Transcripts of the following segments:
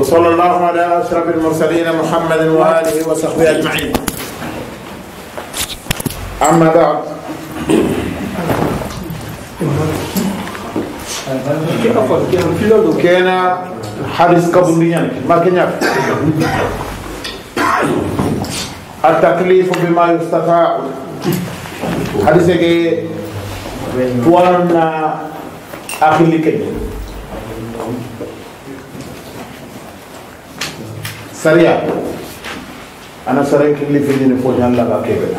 وصلى الله على أشرف المرسلين محمد وآله وصحبه أجمعين أما بعد كان حارس قبليا ما كان التكليف بما يستطاع حارسك وانا اخي لكي سريع انا سريع killi في fo nyalla ka kebe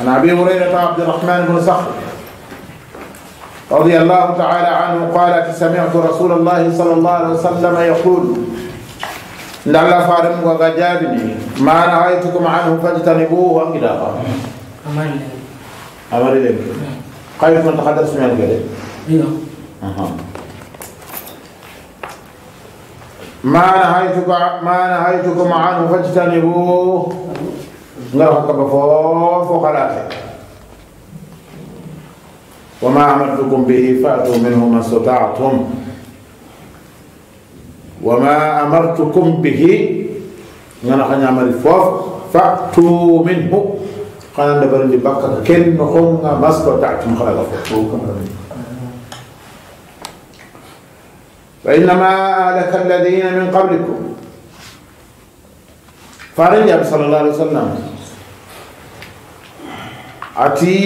ana ابي هريره عبد الرحمن بن صخر رضي الله تعالى عنه قال سمعت رسول الله صلى الله عليه وسلم يقول لعل فارم وغجابني ما نهيتكم عنه فاجتنبوه إلى أمر أمر إليك خايف من تحدث من الجلد؟ أها ما نهيتك ما نهيتكم عنه فاجتنبوه نرى كبفوف وخلاتك وما أمرتكم به فأتوا منه ما استطعتم وما أمرتكم به أنا خلنا أعمل فوف فأتوا منه قال أنا برندي بكر كن هم ما استطعتم خلق فوق وإنما أهلك الذين من قبلكم farin ya sallallahu alaihi wasallam ati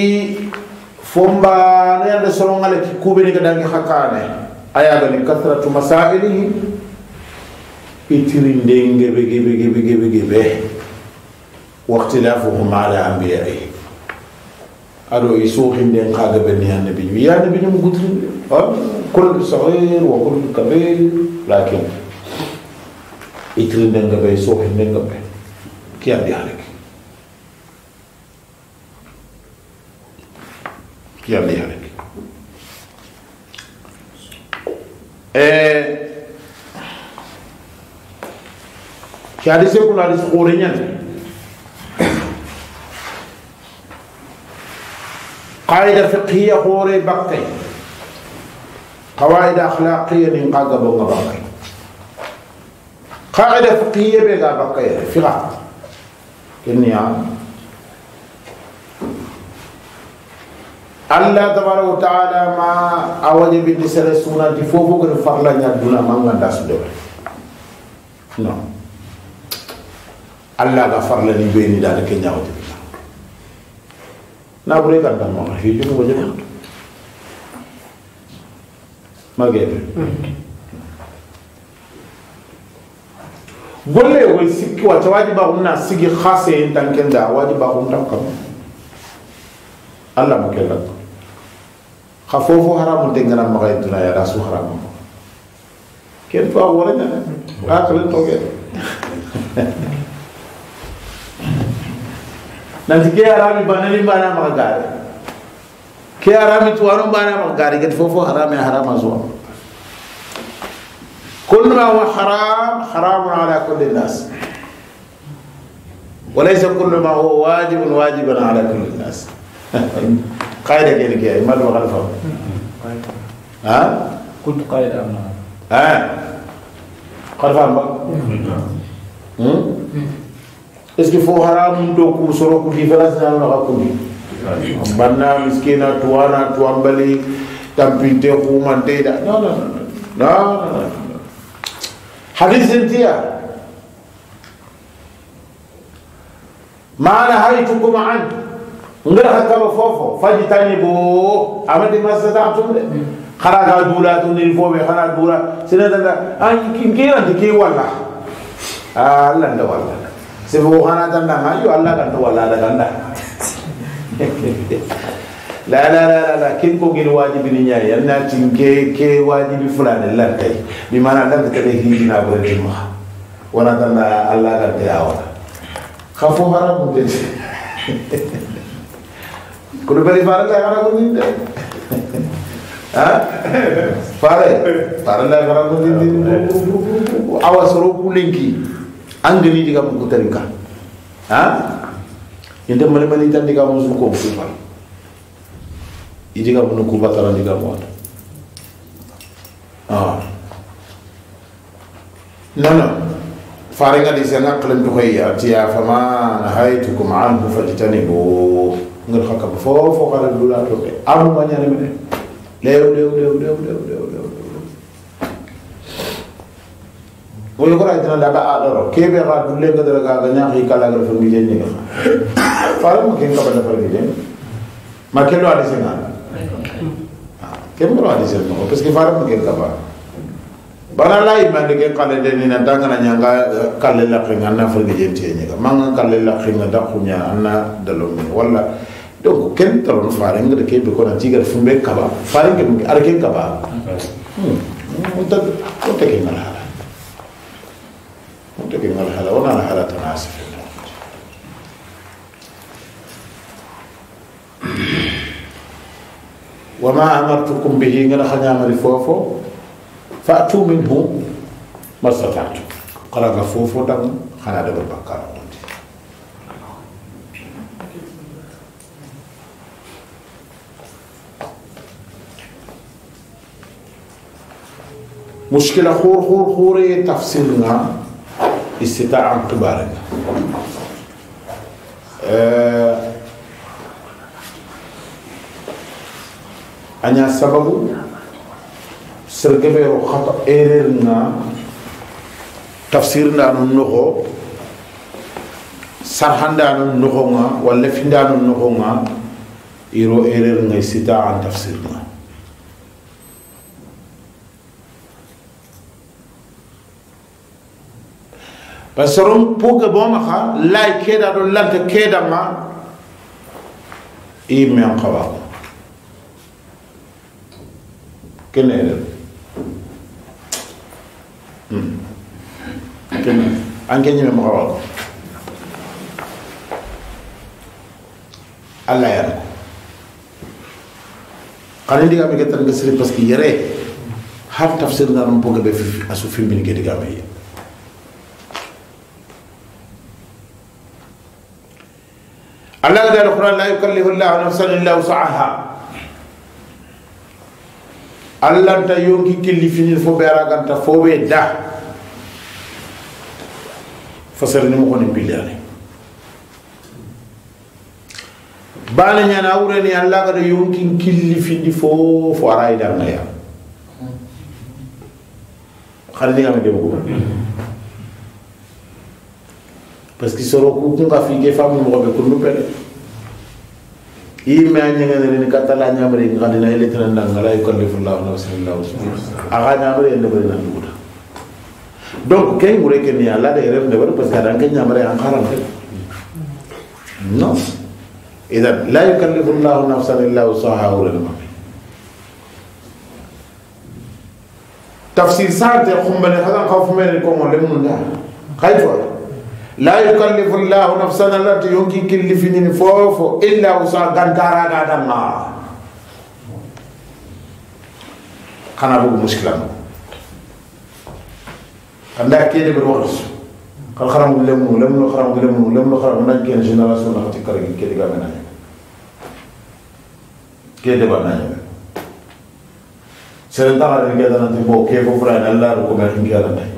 fomba ne ande solo ngale ki kube ni kadangi hakane aya ga ni kasratu masailihi itiri ndenge bege bege bege bege be waqtilafuhum ala anbiya'i ado isu hinden kaga be ni annabi ya annabi mu gutri كل صغير وكل كبير لكن يترين دنگا بي سوح دنگا بي كي عم حالك كي عم حالك إيه، كي حديثي كنا حديث قورينيان قاعدة فقهية قوري بقتين قواعد أخلاقية من قاعدة بقية قاعدة فقهية بقابقي فقه كنيا الله تبارك وتعالى ما أوجب النساء السنة تفوق فرلا يدنا من غداس دور نعم الله غفر لنا بين ذلك نعوذ بالله نعم الله ما في جنوب جنوب magere golle woy sikki wacca wajibaxum na sigi xa seyen tan ken da wajibaxum tan kam alla mo ke lak xa fofo haramu te ngana maxay dunaya da su haramu ken fa worañana a xelen toge nanti ke harami banani mbana maxa gaare ke harami بارا bana ma gari فوفو حرام يا حرام zuwa كل ما هو حرام حرام على كل الناس وليس كل ما هو واجب واجب على كل الناس قاعدة كيلك يا ما الوغلفة ها كنت قاعدة أمنا ها قرفة هم اسكي فو حرام دوكو سروكو في فلسنا ونغاكو banna miskina tuana tuambali tampinte khumante tidak, no no no no no hari intia maana haitukum an ngira hakama fofo bo, amadi masata de khara ga dula tun ni fobe khara dula sinada da an ah, kingira dike ah, wala Allah da wala sebo khana tanda mayu Allah da wala da la la la la la ken ko gel wajibi ni nyaay yal na tin ke ke wajibi fulane lan tay bi mana lan ka be hijina bo ni ma wana tan Allah ka be awala khafo haram de ko do bari fara ta haram ni de ha fare fara la haram ni de awas ro kulinki angani diga ha yende mani mani tan diga musu ko ko fa idiga bunu ku batara diga mo ah nana fare ga di na klen to hayya tiya fa ma bu anhu fajtanibu ngal hakka fo fo kala dula to be amu manya ne lew lew lew lew lew lew woni kora tana daga adoro kebe ga dulle ga daga ga nya hi kala ga fun bije ni faru mo ken ka bada far bije ma ken lo adise na ken mo adise no parce que faru mo ken ka ba bana lay man de kala de ni na daga na nya ga kala la ken na far bije ti ni ga man ga kala la ken da khunya anna dalo ni walla donc ken taron farenga de kebe ko na tigar fumbe kaba farenga ar ken hmm on ta on ta متفقين على هذا ولا على حالة أنا آسف وما أمرتكم به غير خنام فوفو فأتوا منه ما استطعتم قال فوفو دم خنا دم بكار مشكلة خور خور خور تفصيلنا istitaa am xibaare nga aña sababu sergeɓeero xata erreur nga tafsir ndanu noxo sarxa ndanu noxo nga walla fi ndanu noxo nga iro erreur nga istitaa an tafsir nga بسرم بوك بوما خا لاي كيدا دو لانت كيدا ما اي ميان قواب كن اي دل كن ان كن يمي مقواب الله يرد قرين ديگا مي كتن بسري بس كي يري هر تفسير دارم بوك بفي اسو فيم بني كي ديگا مي يري الله قال القرآن لا يكلف الله نفسا إلا وسعها الله أنت يوم كلفني فبيرا أنت فبيدا فسرني مكون بلياني bana ñana wurani allah kada yonkin killi findi fo fo arayi dangaya xar ndingame demogoba parce que soro ku kun ka fige famu mo be kunu pere i me anyanga ne ne katala nyamre ngi kadina ile tan ndangala ay kolli fullahu nafsin illa wusaha aga nyamre ne be nan duda donc kay ngure ke ni ala de rem de parce que dan ke nyamre an karam non et là اذا لا يكلف الله نفسا الا وسعها ولا ما تفسير سارت قم بن هذا خوف من يكون لم ندا خايفوا لا يكلف الله نفسا التي يمكن كلفني فوفو الا وصاغا تارا دانا كان ابو مشكله انا كان كيدي بروس قال خرم لم لم خرم لم لم خرم نان كان جينيراسيون نا تي كاري كيدي غا مانا كيدي بانا سيرن دا رجال انت بو كيفو فرا الله ركوبين كيدي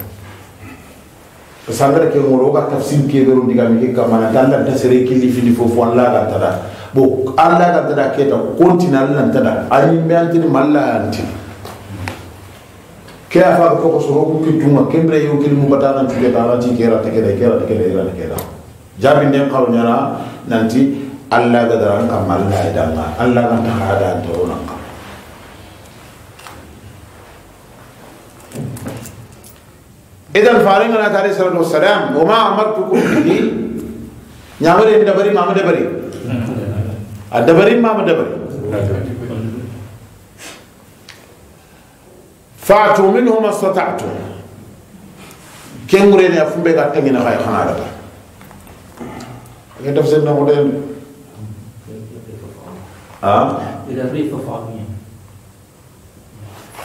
sangara ke ngoro ka tafsir ke do diga mi ke kamana tanda ta sere ke li fini fo fo Allah ga kan tada bo Allah ga kan tada ke ta kontina Allah kan tada ayi me antin malla antin ke afa ko ko soro ku ki tuma kembre yo ke mu batana tu ke dana ti ke te kera ke te kera ke kera jabi ne ka nyara nanti Allah ga daran kamalla da Allah ga ta hada to nan إذا فارين أنا تاري سلام والسلام وما أمرتكم به نعمل إن دبري ما مدبري الدبري ما مدبري فاتوا منه ما استطعتم كنغرين أفهم بيك أتنين خاي خنارة لكن تفسيرنا مدين آه إذا بريف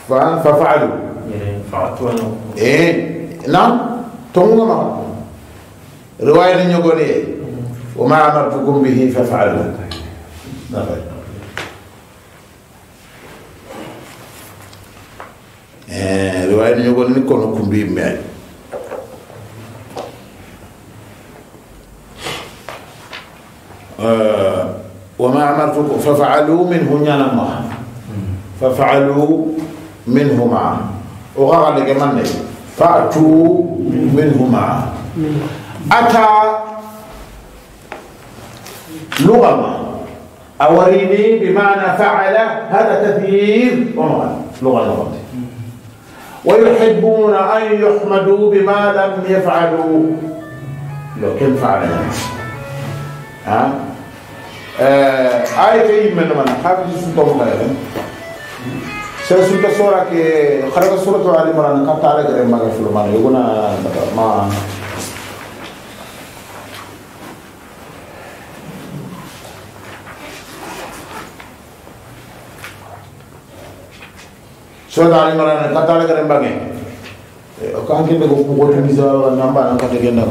فعلوا ففعلوا فعلوا إيه لان تونغ ما رواية نيجوني وما أمرتكم به ففعلوا رواية نيجوني كونكم به مال وما أمرتكم ففعلوا منه نيانا ما ففعلوا منه معه وغار لك من نيجوني فأتوا منهما أتى لغما أوريني بمعنى فعل هذا تثيير ومعنى لغة لغتي ويحبون أن يحمدوا بما لم يفعلوا لو كان فعل ها آه آية من من حافظ سلطان Saya sudah suara ke kharaga suratu ada imran ka tare gare maga film mana? ma suratu ali imran ka tare gare mbage ka hanke be ko ko tan visa namba nan ka de genda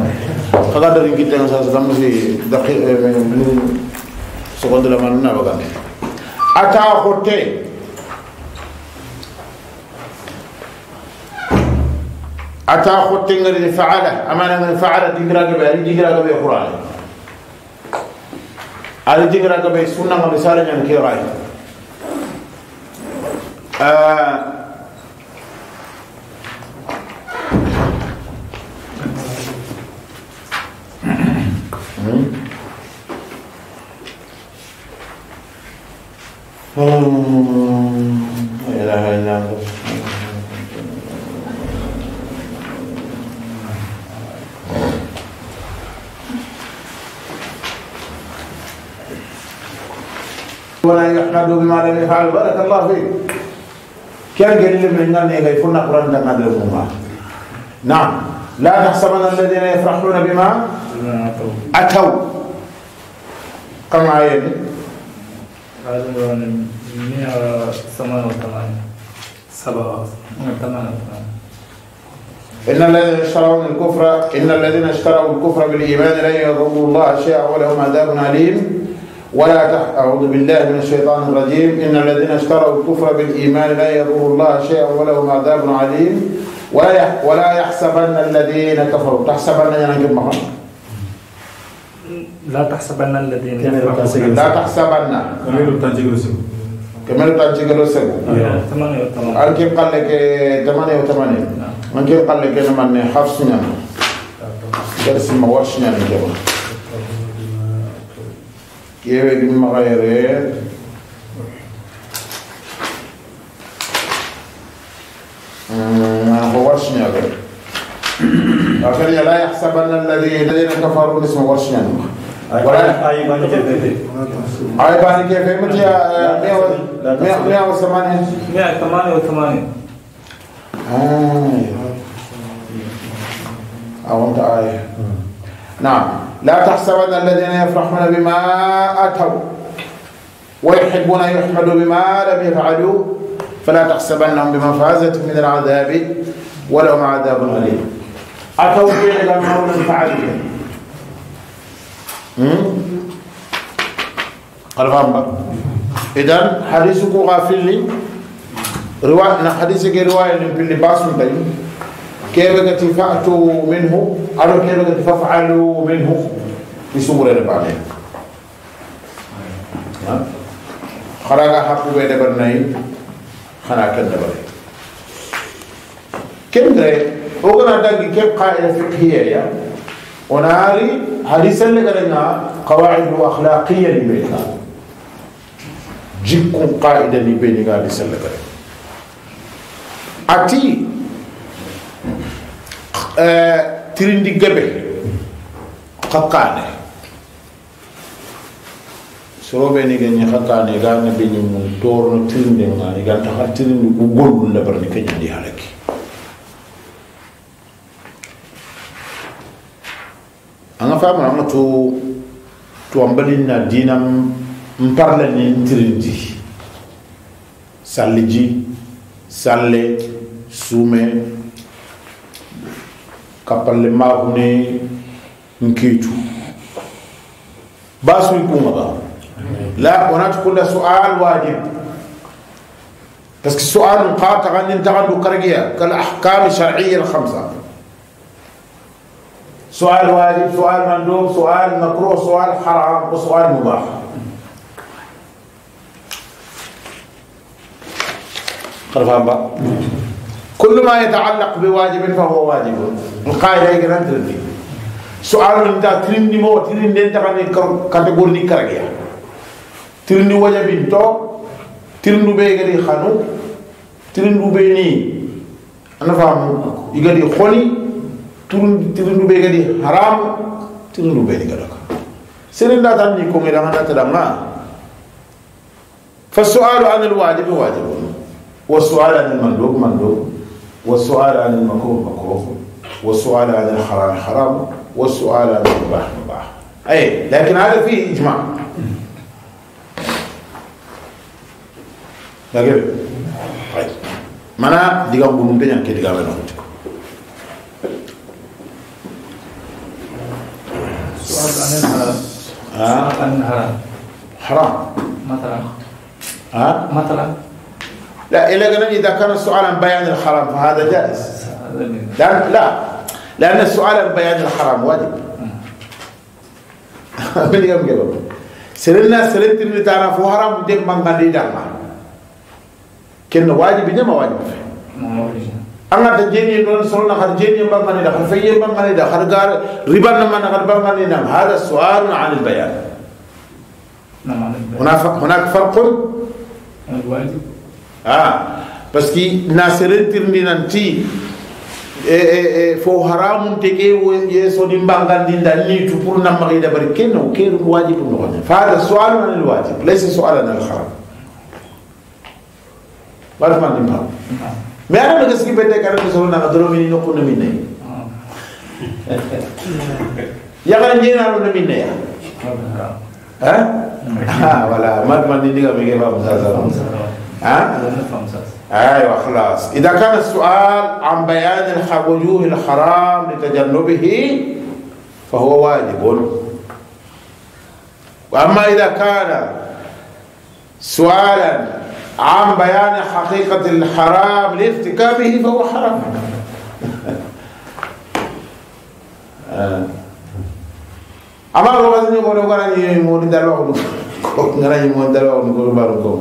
ka ga dari kitta nan sa sa musi daqiq min sekonde la man na ata hotte أتا خط تنجر فعلة أما أنا من فعلة تنجر أجبه أريد تنجر أجبه القرآن أريد تنجر أجبه السنة ما بسارة جن كيراي آه. لا إله إلا الله ولا يحمد بما لم يفعل بارك الله فيك كان قال من ان يغيفون قران ما نعم لا تحسبن الذين يفرحون بما اتوا كما يعني إن الذين اشتروا الكفر إن الذين اشتروا الكفر بالإيمان لن يضروا الله شيئا ولهم عذاب أليم ولا أعوذ بالله من الشيطان الرجيم إن الذين اشتروا الكفر بالإيمان لا يضر الله شيئا ولهم عذاب عليم ولا ولا يحسبن الذين كفروا تحسبن يعني كم لا تحسبن الذين لا تحسبن كمل تنجيل سب كمل تنجيل سب أركب قال لك ثمانية وثمانية من كيف قال لك أنا من حفص نعم. درس ما ورش نعم كمان Gary Magalhães, آه، هو ورشنيغ أخري لا يحسبن الذين كفروا اسم أي عيبان كيف متى 180 188 آه أو أنت آية نعم لا تحسبن الذين يفرحون بما أتوا ويحبون أن يحمدوا بما لم يفعلوا فلا تحسبنهم بمفازة من العذاب ولهم عذاب أليم أتوا به إلى ما لم فعلوا قال فهمت إذن حديثك غافل لي رواية حديثك رواية في اللباس من كيف التي فأتوا منه أو كيف التي فافعلوا منه يسمون بعدين خراغا حقو بي دبر ناي خنا كن دبر كم دري اوغنا دغ كم قاعده فقهيه يا وناري حديث اللي قالنا قواعد اخلاقيه لبينا جيكم قاعده لبيني حديث اللي قالنا اتي Eh, tirindi gebe kakkane sorobe ni ganyi kakkane ga na be nyum torno tirindi ngani ga ta tirindi ku gollu labar ni di halaki anga fama anga to to ambalin na dinam mparle ni tirindi salliji salle sume kampalle maxune nkiitu basuy kungaɓa la onati kulla sual wajib parce que sualu xa taxanin taxandu kargiya kal ahkame sharciya al xamsa sual wajib sual mandub sual macro sual haram o sual mubah xarfamba كل ما يتعلق بواجب فهو واجب القاعدة هي كانت تردي سؤال من تا ترندي مو ترندي انت كان كاتيجوري نكرجيا ترندي واجب انتو ترندي غادي خانو ترندي ني أنا فاهم يجري خوني ترندي ترندي غادي حرام ترندي بيني كذا سرنا تاني كوني رانا تدعنا فالسؤال عن الواجب واجب والسؤال عن المندوب مندوب والسؤال عن المكروه مكروه والسؤال عن الحرام حرام والسؤال عن المباح مباح أي لكن هذا فيه إجماع لكن طيب mana diga ngum be nyanke diga be nokti سؤال عن الحرام آه؟ عن الحرام حرام مثلا ها مثلا لا إلا إذا كان السؤال عن بيان الحرام فهذا جائز لا لا لأن السؤال عن بيان الحرام واجب من يوم قبل سرنا سرت اللي تعرفوا حرام ديك من غادي دعما كن واجب ما واجب أنا تجيني نون سرنا خرجيني na har jeni ban ngani da har fayi ربا ngani da har gar riban na man har ban هناك فرق الواجب ah parce que naserentirndi nan ti e e fo haramum tege yeesoni mbangandindan nitu pour nammaxiida bari kene o ke ɗum wajibu noxone fada soalu nan el wajib laysa soalan al haram warfandin pam mais ana daga sigi bete kada ko solo naga doromini nokkuna min nayi yaxa njeenalo na min naya ah voilà matmandindiga mege fam sa salam ها؟ ايوه خلاص اذا كان السؤال عن بيان وجوه الحرام لتجنبه فهو واجب واما اذا كان سؤالا عن بيان حقيقه الحرام لارتكابه فهو حرام أما ko ni mo ngara ni mo ndalo ko ngara ni mo ndalo ko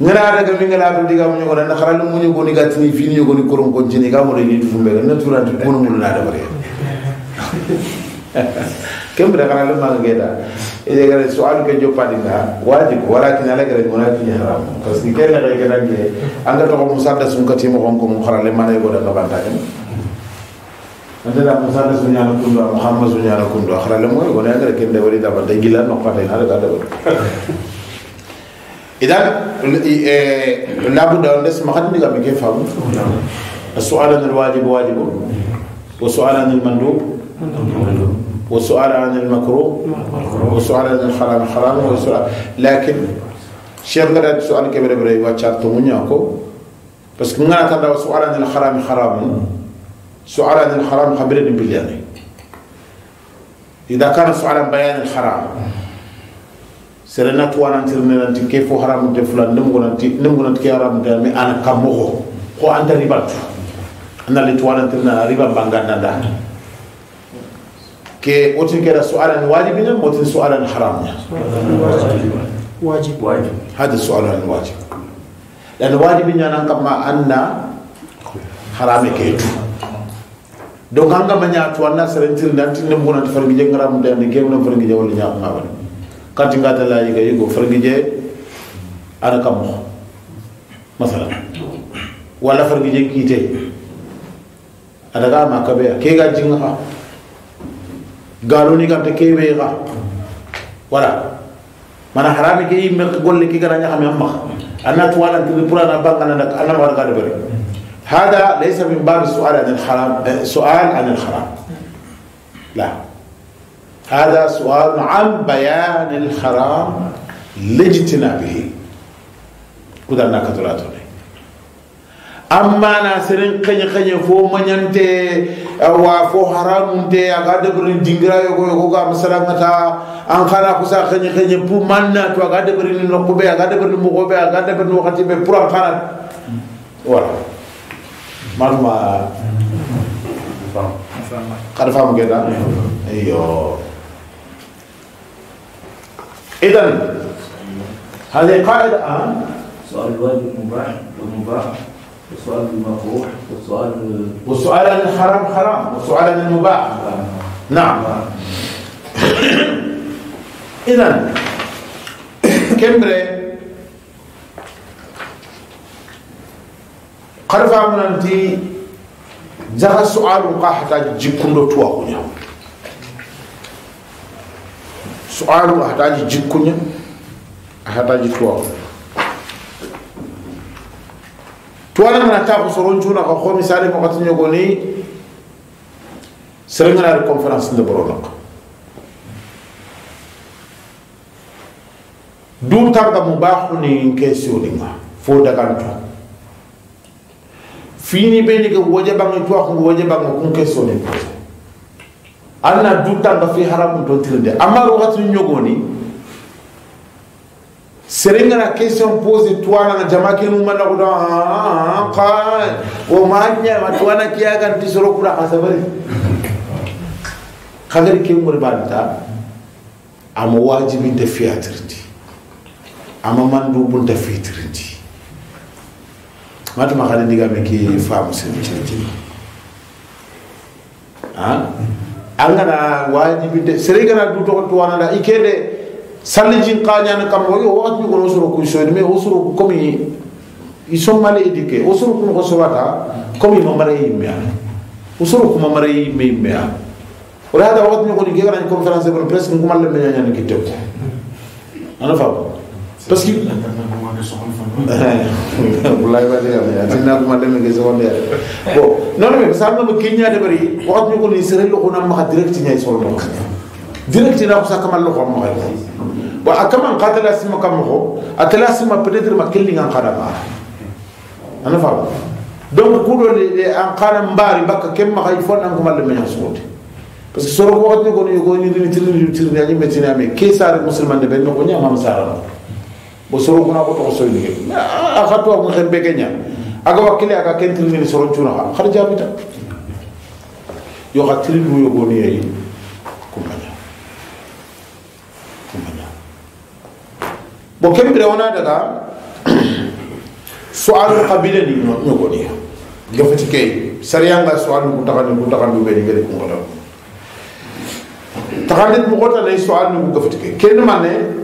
ngana daga mi ngana to diga mu nyogona na kharal mu nyugo ni gatini fi nyugo ni koron ko jini ga mo le ni fumbe na tura ti kono mu na da bare kem bra kharal ma ga da e ga re sual ke jo padi ga wajib walakin ala ga mo na ti haram parce que ken ga ga da ge anga to mo sa da sun ka ti mo ko mo kharal ma na go da ga banta ni anda da mo sa da sun ya na kun do muhammad sun ya na kun do kharal mo go na ga ken da wali da ba da gila no pata na da da إذا لابد أن نسمع خدمة السؤال عن الواجب واجب والسؤال عن المندوب والسؤال عن المكروه والسؤال عن الحرام حرام والسؤال لكن شيخ غير السؤال كبير بري واتشارت مونياكو بس كنا نتابع السؤال عن الحرام حرام سؤال عن الحرام خبرني بالله إذا كان السؤال عن بيان الحرام serena ko anantirne nanti ke fo haramu de fulan nem gonanti nem gonanti ke haramu de mi ana kamogo ko anta ribatu ana le tuwana tirna riba banganda da ke otin kera su'alan wajibina motin su'alan haramnya wajib wajib hada su'alan wajib dan wajibnya nan kama anna harame ke tu donc hanga manya tuwana serentir nanti nem gonanti farmi jengaramu de ne ke gonanti farmi jawli nyaa ngabani قد قد لا يجي يقول فرق جاء أنا كم مثلا ولا فرق جاء كيتة أنا كم ما كبيه كي قد جينا قالوني كم تكي بيها ولا ما أنا حرامي كي يملك قول لي كي كنا نجح مهما أنا توالا تبي بولا نبغى أنا أنا ما أرجع لبري هذا ليس من باب السؤال عن الحرام سؤال عن الحرام لا هذا سؤال عن بيان الحرام لاجتنابه كذا نكتراتنا amma na serin kanya kanya fo manyante wa fo haramunte aga debrin dingira yogo yogo ga masala ngata an kana kusa kanya kanya pu manna to aga debrin no kube aga debrin mo gobe aga debrin wakati be pura kana wala malma kada famu geda iyo إذا هذه قاعدة الآن سؤال الواجب مباح ومباح والسؤال المكروه والسؤال والسؤال عن الحرام حرام والسؤال عن المباح نعم إذا كمبري قرفا من أنتي جاء سؤال قاحتا جيكم لو تواقوني sualu ahtaji jikkunya ahtaji tuwa tuwana ngana ta ko soron juna ko ko misali mo katinyo ko ni serengana re conference nde borodok dum tarda mu baxu ni question fo dagantu fini be ni ko woje bangi tuwa ko woje kun question ni anna dutanga fi haramu ton tirinde amma wakati ñogoni serengana question posé twananga jama kenu manna ko da ka o ah, ah, ah, manya ma twana kiya kan ti soro kura asabari kagari ke mo banta am wajibi de fiatriti am mandu bun de fiatriti matu kala diga me ki famu sen ci ci ha angana wajibinde seregana du togon tuwanada i kede salli jin kañani kamma yo wakati ñugono o soro kuy soyde mais o soro ku comme i sommale éduqué o soro kunogo sowata comme ima maraye yimɓe a o soro kuma maraye yimɓe yimɓe a oɗa hada wakati ñugoni keganañ conférence de presse nkumalle meñañani kittew ana faamu parce que wallahi ba diga ya tinna ko ma demé ke secondaire bon non mais ça na ko kenya de bari wax ñu ko ni sere lo ko na ma direct ñay solo do direct na ko sa kamal lo ko ma wa akaman qatala sima kam ko atala sima peut-être ma kelli ngan qara ba ana fa donc ku do le an qara mbari bakka kem ma kay fon an ko mal me solo parce que soro ko wax ni ko ni ko ni ni tirni tirni ya ni metina me ke sare musulman de ben ko ñama ma sara bo soroguna ko to toxo soynige nah, a ko xen be kenya aga wakkile aga ken tirinini soron cuunaxa xar jaabita yo xa tirinu yogoniyeyi ya, kumaña kumaña bo ken bire wona daga soalu qabila ni ñogoniya gafati key sariyanga soalu ku taxani ku taxandu ɓeni ngede kungola taxandit muxotanay soalu ni ko fati key ken mane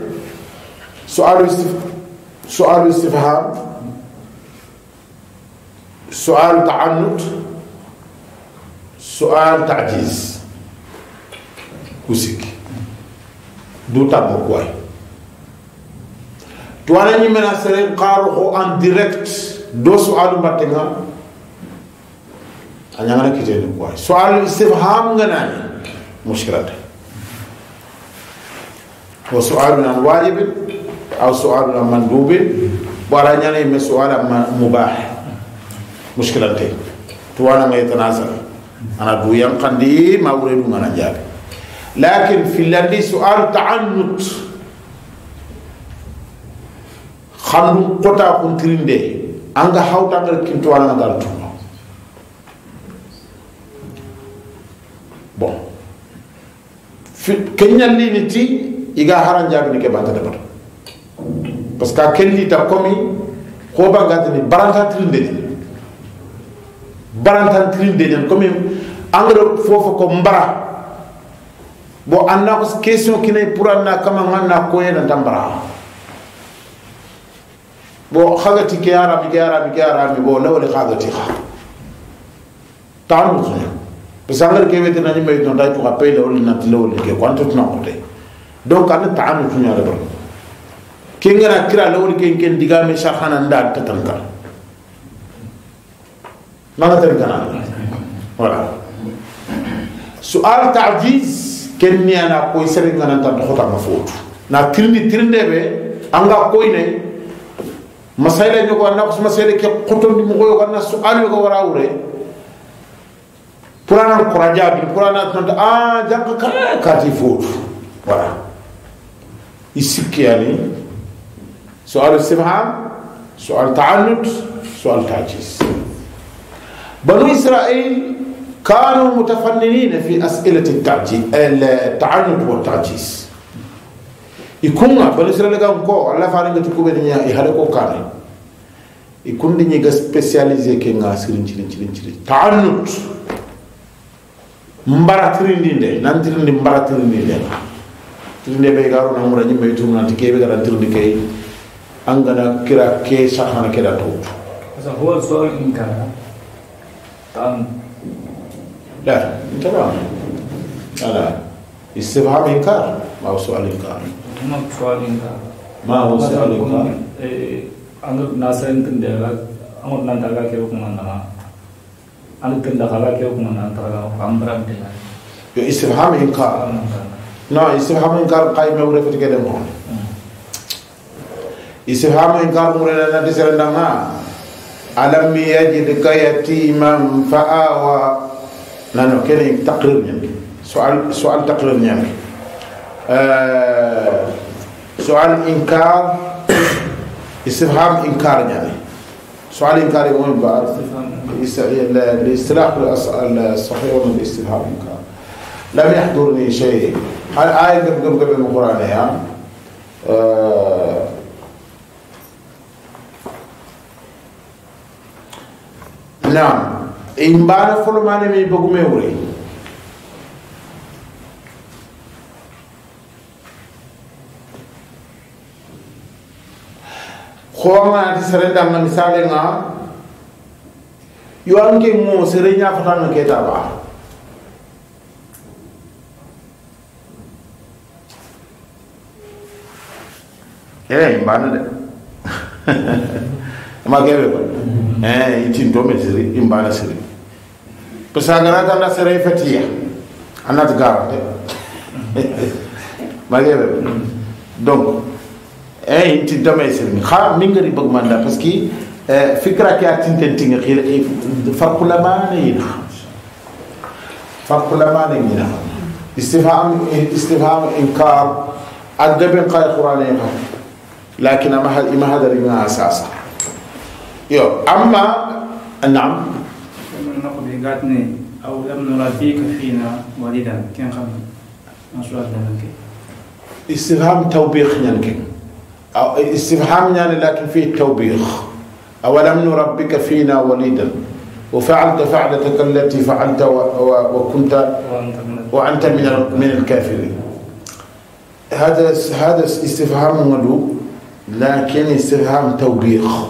سؤال سؤال استفهام سؤال تعنت سؤال تعجيز كوسيك دو تابو كواي توانا ني منا سرين قارو ان ديريكت دو سؤال باتنغا انا انا كيتين كواي سؤال استفهام غناني مشكلة وسؤال عن واجب أو سؤال مندوب ولا نيان من سؤال مباح مشكلة تي توانا ما يتنازل أنا دو ينقندي ما أريد ما نجاب لكن في الذي سؤال تعنت خلو قطع كنترين دي أنك حوتا غير كنتو أنا مدارتو bon kenyalini ti iga haranjagni ke banta dabata parce que a kendita komi hoɓagatini barantantirindeni barantantirindenen komi engrais fofo ko mbara bon anna ko question kinay pour anna kama anna koyenanta mbara bon hagati ke arami ke arami ke arami bon lawole hagati ha taanu suña parce que engrais ke wetenañi maytonta pour a pay lawole nanti lawole ke ko antotinankote donc anna taanu suña lebara kengara kira lawol ken ken digame sahana nda tatanka mana tankana wala su'al ta'jiz ken ni ana koy sere ngana ta khota ma fotu na tirni tirnde be anga koy ne masayla ni ko na ko masayla ke khoton di mo ko na su'al ko wara wure purana kuraja bi purana tanta a jaka ka ka ti fotu wala isikiyani سؤال استفهام سؤال تعنت سؤال تعجيز بنو إسرائيل كانوا متفننين في أسئلة التعنت والتعجيز يكون بنو إسرائيل كان كو الله فارغ تكوبة دنيا يهلكو كان يكون دنيا سبيسياليزي كنا سرين سرين سرين سرين تعنت mbaratirindinde nantirindi mbaratirindinde tirinde ɓe garona mura ñimɓe tumnanti keɓe gara tirindi key an gana kira ke sahana kira tawtu هو السؤال إن كان طعم لا تمام لا استفهام إنكار ما هو سؤال إنكار ما هو سؤال إنكار ما هو سؤال إنكار أنا ناصر إنتن دعلا أمر نانتالا كيو كمان نما أنا تن دخلا كيو كمان نانتالا أمبرام دعلا استفهام إنكار نعم استفهام إنكار قائم يورفت كده مهون إسهام إنكار مولانا النبي صلى الله عليه وسلم ألم يجدك يتيما فآوى نانو كيني تقرير نيامي سؤال سؤال تقرير نيامي أه سؤال إنكار إسهام إنكار نيامي سؤال إنكار يقول بعد الاصطلاح الصحيح من الاستفهام إنكار لم يحضرني شيء هل آية قبل قبل القرآن يا naam in baara folo maane mi bogume wure xoonga ti serendanga misale nga yo anke mo sere ñafatanga keta baa eh in de magebe ba eh itin to me siri imbala siri pesagara kana sere fetia anat garde magebe ba donc eh itin to me siri kha mingari bag manda parce que fikra ki atin tenting khir farqu lamana yina farqu lamana yina استفهام استفهام انكار ادب قال القران لكن ما هذا ما هذا اساسا يو أما نعم أو لم فينا والدا كان استفهام توبيخ يعني أو استفهام يعني لكن فيه توبيخ أو لم نربك فينا وليدا وفعلت فعلتك التي فعلت و و وكنت وأنت من من الكافرين هذا هذا استفهام ملو لكن استفهام توبيخ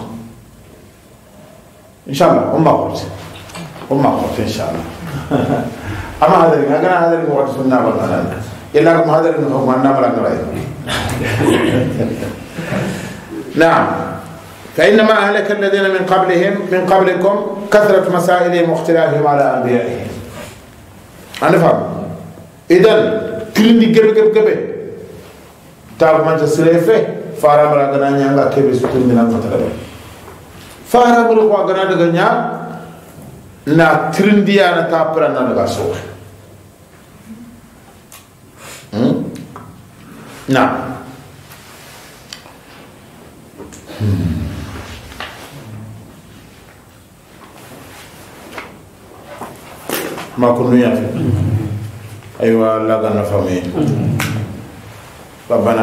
ان شاء الله هم قلت هم قلت ان شاء الله اما هذا اللي هنا هذا اللي قلت لنا والله الا كم هذا اللي هو ما بلا نعم فانما اهلك الذين من قبلهم من قبلكم كثره مسائلهم واختلافهم على انبيائهم انا فاهم اذا كل قبل قبل قبل تعرف تاب ما تسلفه فارم راغنا نيانغا كيف سكون من متلبه fara bari kwa gana daga nya na trindiya na ta fara na daga so hmm? na hmm. makunu ya fi aiwa laga na fami babana